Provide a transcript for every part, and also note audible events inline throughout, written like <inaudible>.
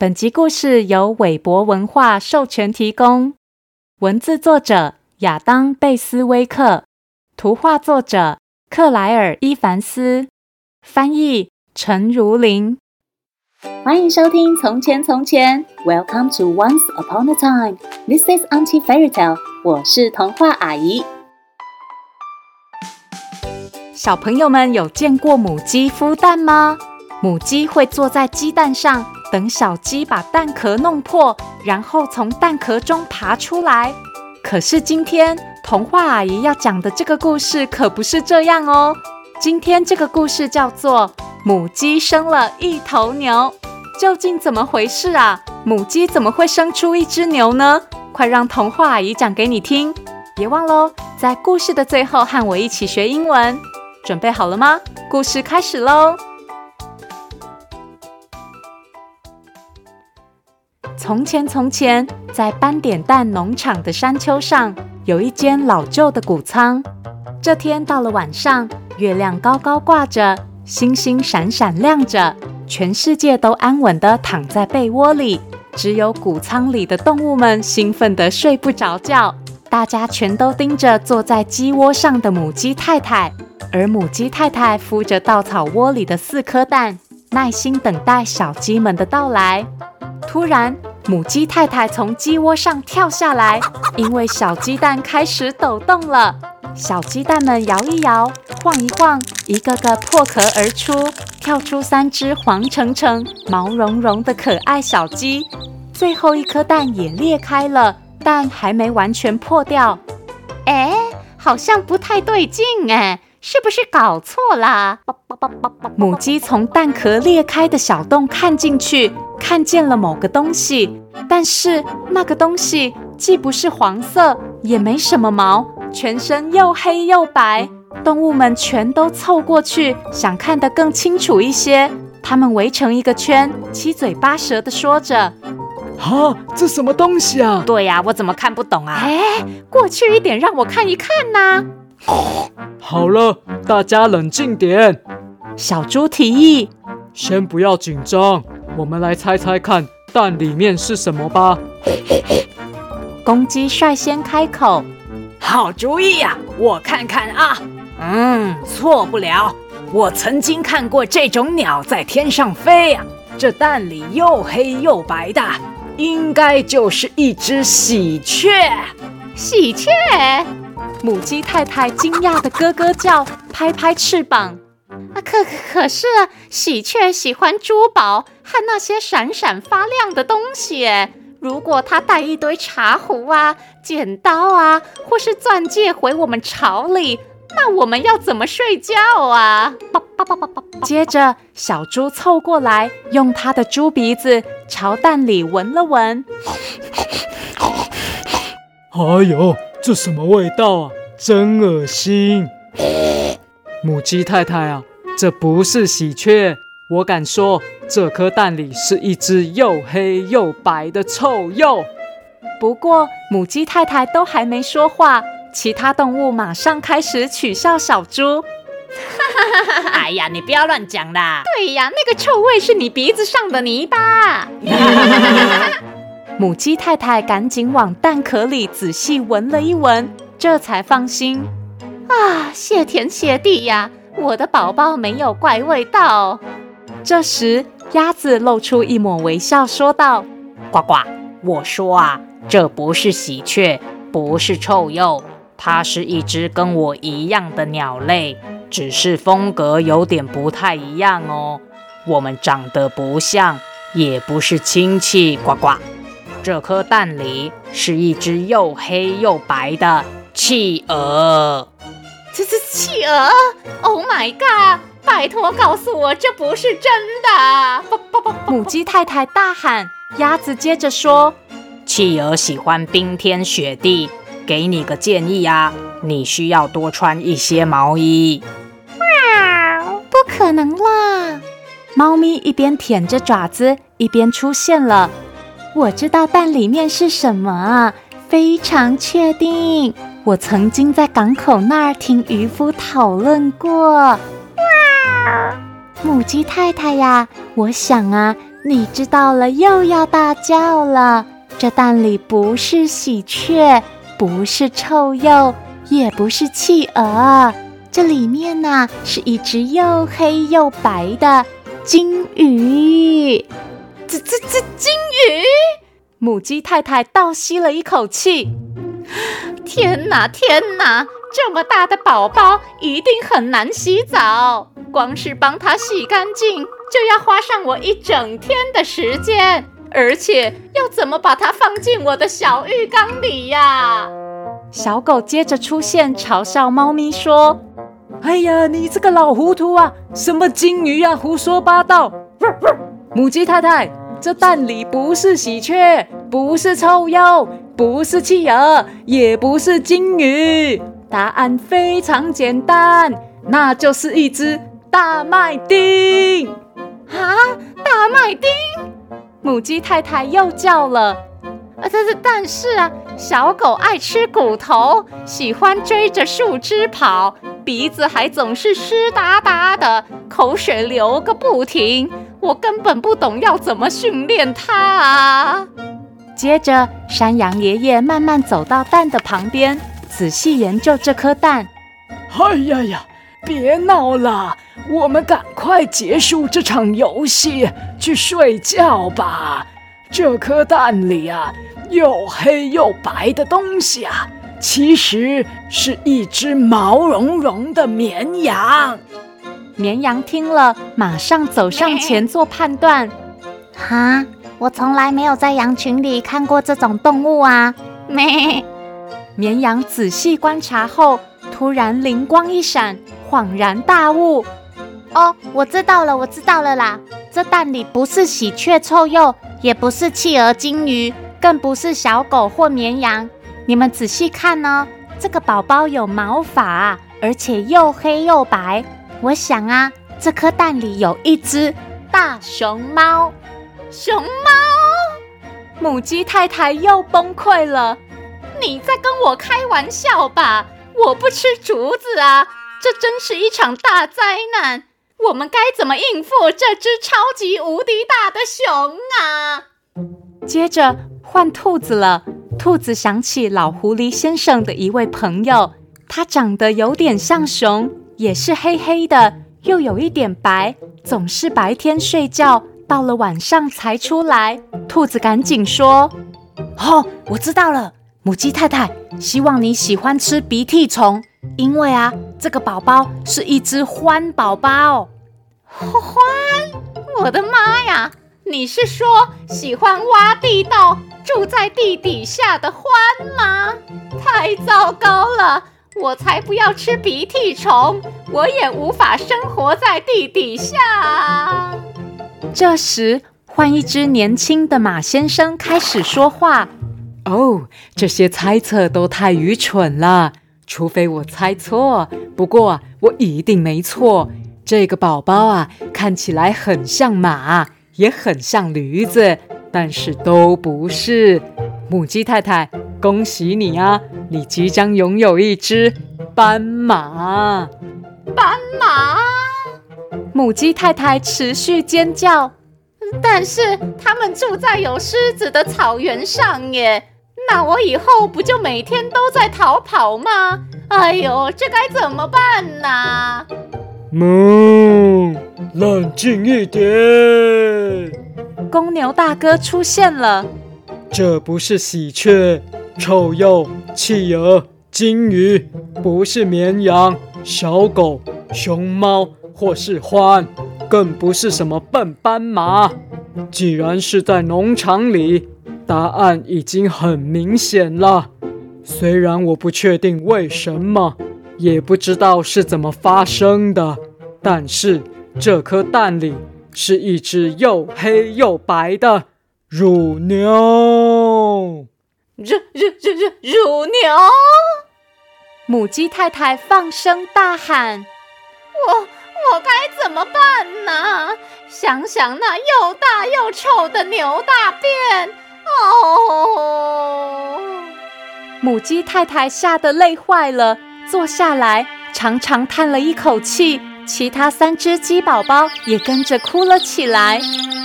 本集故事由韋伯文化授權提供，文字作者亞當·貝斯威克，圖畫作者克萊爾·伊凡斯，翻譯陳如翎。歡迎收聽《從前從前》，Welcome to Once Upon a Time，This is Auntie Fairy Tale，我是童話阿姨。小朋友們有見過母雞孵蛋嗎？母雞會坐在雞蛋上。等小雞把蛋殼弄破，然後從蛋殼中爬出來。可是今天童話阿姨要講的這個故事可不是這樣哦。今天這個故事叫做《母雞生了一頭牛》，究竟怎麼回事啊？母雞怎麼會生出一隻牛呢？快讓童話阿姨講給你聽。別忘嘍，在故事的最後和我一起學英文。準備好了嗎？故事開始嘍。從前，從前，在斑點蛋農場的山丘上，有一間老舊的穀倉。這天到了晚上，月亮高高掛着，星星閃閃亮着，全世界都安穩地躺在被窩裡，只有穀倉裡的動物們興奮得睡不着覺。大家全都盯着坐在雞窩上的母雞太太，而母雞太太孵着稻草窩裡的四顆蛋，耐心等待小雞們的到來。突然，母雞太太從雞窩上跳下來，因為小雞蛋開始抖動了。小雞蛋們搖一搖，晃一晃，一個個破殼而出，跳出三隻黃澄澄、毛茸茸的可愛小雞。最後一顆蛋也裂開了，但還沒完全破掉。哎、欸，好像不太對勁哎、啊，是不是搞錯了？母雞從蛋殼裂開的小洞看進去，看見了某個東西。但是那個東西既不是黃色，也沒什麼毛，全身又黑又白。動物們全都湊過去，想看得更清楚一些。它們圍成一個圈，七嘴八舌的說着：“啊，這什麼東西啊？”“對呀，我怎麼看不懂啊？”“哎，過去一點，讓我看一看吶。”“好了，大家冷靜點。”小豬提議：“先不要緊張，我們來猜猜看。”蛋裡面是什麼吧？公雞率先開口：“好主意呀、啊，我看看啊，嗯，錯不了。我曾經看過這種鳥在天上飛呀、啊，這蛋裡又黑又白的，應該就是一隻喜鵲。喜鵲！”母雞太太驚訝的咯咯叫，拍拍翅膀。啊，可可是喜鵲喜歡珠寶和那些閃閃發亮的東西。如果它帶一堆茶壺啊、剪刀啊，或是鑽戒回我們巢裡，那我們要怎麼睡覺啊？接着，小豬湊過來，用它的豬鼻子朝蛋裡聞了聞。哎呦，這什麼味道啊？真惡心！母雞太太啊！這不是喜鵲，我敢說，這顆蛋裡是一隻又黑又白的臭鼬。不過，母雞太太都還沒說話，其他動物馬上開始取笑小豬。 <laughs> 哎呀，你不要亂講啦！對呀，那個臭味是你鼻子上的泥巴。 <laughs> 母雞太太趕緊往蛋殼裡仔細聞了一聞，這才放心。啊，謝天謝地呀！我的寶寶沒有怪味道。這時，鴨子露出一抹微笑，說道：“呱呱，我說啊，這不是喜鵲，不是臭鼬，它是一隻跟我一樣的鳥類，只是風格有點不太一樣哦。我們長得不像，也不是親戚。呱呱，這顆蛋裡是一隻又黑又白的企鵝。”是企鵝！Oh my god！拜托告訴我這不是真的！母雞太太大,大喊，鴨子接着說：“企鵝喜歡冰天雪地，給你個建議啊，你需要多穿一些毛衣。”哇哦！不可能啦！貓咪一邊舔着爪子，一邊出現了。我知道蛋裡面是什麼，非常確定。我曾經在港口那兒聽漁夫討論過。哇！母雞太太呀，我想啊，你知道了又要大叫了。這蛋裡不是喜鵲，不是臭鼬，也不是企鵝，這裡面呢，是一隻又黑又白的鯨魚。這這這鯨魚！母雞太太倒吸了一口氣。天哪，天哪！這麼大的寶寶一定很難洗澡，光是幫他洗乾淨就要花上我一整天的時間，而且要怎麼把它放進我的小浴缸裡呀，啊？小狗接着出現，嘲笑貓咪說：“哎呀，你這個老糊塗啊，什麼金魚啊，胡說八道！” <laughs> 母雞太太，這蛋裡不是喜鵲，不是臭鼬。不是企鵝，也不是鯨魚，答案非常簡單，那就是一隻大麥町。啊，大麥町！母雞太太又叫了。啊，但是但是啊，小狗愛吃骨頭，喜歡追着樹枝跑，鼻子還總是濕答答的，口水流個不停，我根本不懂要怎麼訓練它啊。接着，山羊爺爺慢慢走到蛋的旁邊，仔細研究這顆蛋。哎呀呀，別鬧了，我們趕快結束這場遊戲，去睡覺吧。這顆蛋裡啊，又黑又白的東西啊，其實是一隻毛茸茸的綿羊。綿羊聽了，馬上走上前做判斷，嗯、哈！我從來沒有在羊群裡看過這種動物啊！咩？ <laughs> 綿羊仔細觀察後，突然靈光一閃，恍然大悟。哦，我知道了，我知道了啦！這蛋裡不是喜鵲、臭鼬，也不是企鵝、金魚，更不是小狗或綿羊。你們仔細看哦，這個寶寶有毛髮，而且又黑又白。我想啊，這顆蛋裡有一隻大熊貓。熊貓！母雞太太又崩潰了！你在跟我開玩笑吧？我不吃竹子啊！這真是一場大災難！我們該怎麼應付這只超級無敵大的熊啊？接着換兔子了。兔子想起老狐狸先生的一位朋友，他長得有點像熊，也是黑黑的，又有一點白，總是白天睡覺。到了晚上才出來，兔子趕緊說：“哦，我知道了，母雞太太，希望你喜歡吃鼻涕蟲，因為啊，這個寶寶是一隻獾寶寶、哦。獾？我的媽呀！你是說喜歡挖地道、住在地底下的獾嗎？太糟糕了！我才不要吃鼻涕蟲，我也無法生活在地底下。”這時，換一隻年輕的馬先生開始說話：“哦，這些猜測都太愚蠢了。除非我猜錯，不過我一定沒錯。這個寶寶啊，看起來很像馬，也很像驢子，但是都不是。母雞太太，恭喜你啊，你即將擁有一隻斑馬，斑馬。”母雞太太持續尖叫，但是他們住在有獅子的草原上耶。那我以後不就每天都在逃跑嗎？哎呦，這該怎麼辦呢？嗯，冷靜一點。公牛大哥出現了。這不是喜鵲，臭鼬，企鵝，金魚，不是綿羊，小狗，熊貓。或是獾，更不是什麼笨斑馬。既然是在農場裡，答案已經很明顯了。雖然我不確定為什麼，也不知道是怎麼發生的，但是這顆蛋裡是一隻又黑又白的乳牛。乳乳乳乳乳牛！母雞太太放聲大喊：“我！”我該怎麼辦呢？想想那又大又醜的牛大便哦！母雞太太嚇得累壞了，坐下來長長嘆了一口氣。其他三隻雞寶寶也跟着哭了起來。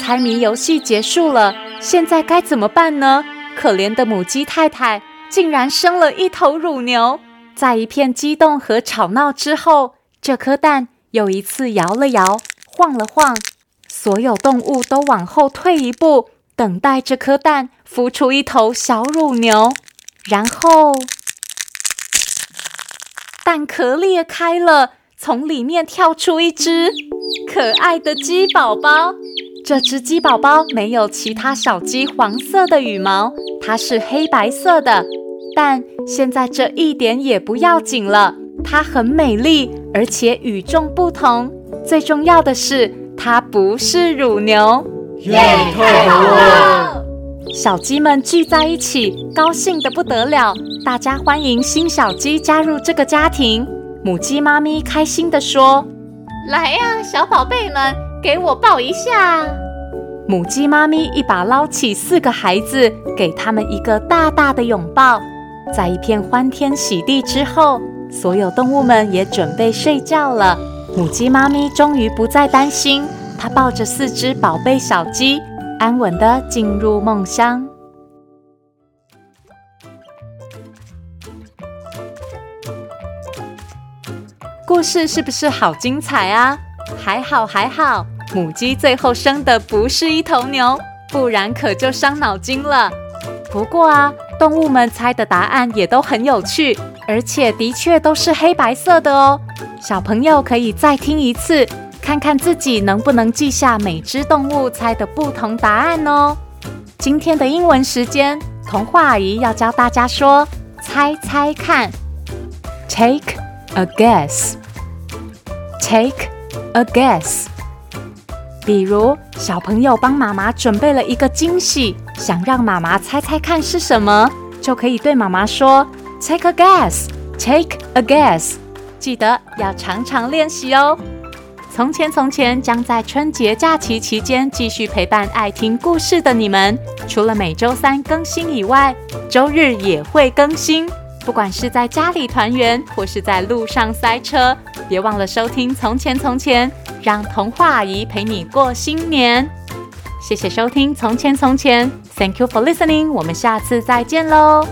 猜謎遊戲結束了，現在該怎麼辦呢？可憐的母雞太太竟然生了一頭乳牛。在一片激動和吵鬧之後，這顆蛋有一次，搖了搖，晃了晃，所有動物都往後退一步，等待這顆蛋孵出一頭小乳牛。然後，蛋殼裂開了，從裡面跳出一隻可愛的雞寶寶。這隻雞寶寶沒有其他小雞黃色的羽毛，它是黑白色的。但現在這一點也不要緊了。它很美麗，而且與眾不同。最重要的是，它不是乳牛。耶、yeah，！太好了！小雞們聚在一起，高興的不得了。大家歡迎新小雞加入這個家庭。母雞媽咪開心的說：“來呀、啊，小寶貝們，給我抱一下！”母雞媽咪一把撈起四個孩子，給他們一個大大的擁抱。在一片歡天喜地之後。所有動物們也準備睡覺了，母雞媽咪終於不再擔心，她抱着四隻寶貝小雞，安穩地進入夢鄉。故事是不是好精彩啊？還好還好，母雞最後生的不是一頭牛，不然可就傷腦筋了。不過啊，動物們猜的答案也都很有趣。而且的確都是黑白色的哦，小朋友可以再聽一次，看看自己能不能記下每隻動物猜的不同答案哦。今天的英文時間，童話阿姨要教大家說“猜猜看 ”，Take a guess，Take a guess。比如小朋友幫媽媽準備了一個驚喜，想讓媽媽猜猜看是什麼，就可以對媽媽說。Take a guess, take a guess，記得要常常練習哦。從前從前將在春節假期期間繼續陪伴愛聽故事的你們，除了每周三更新以外，周日也會更新。不管是在家裡團圓，或是在路上塞車，別忘了收聽從前從前，讓童話阿姨陪你過新年。謝謝收聽從前從前，Thank you for listening，我們下次再見嘍。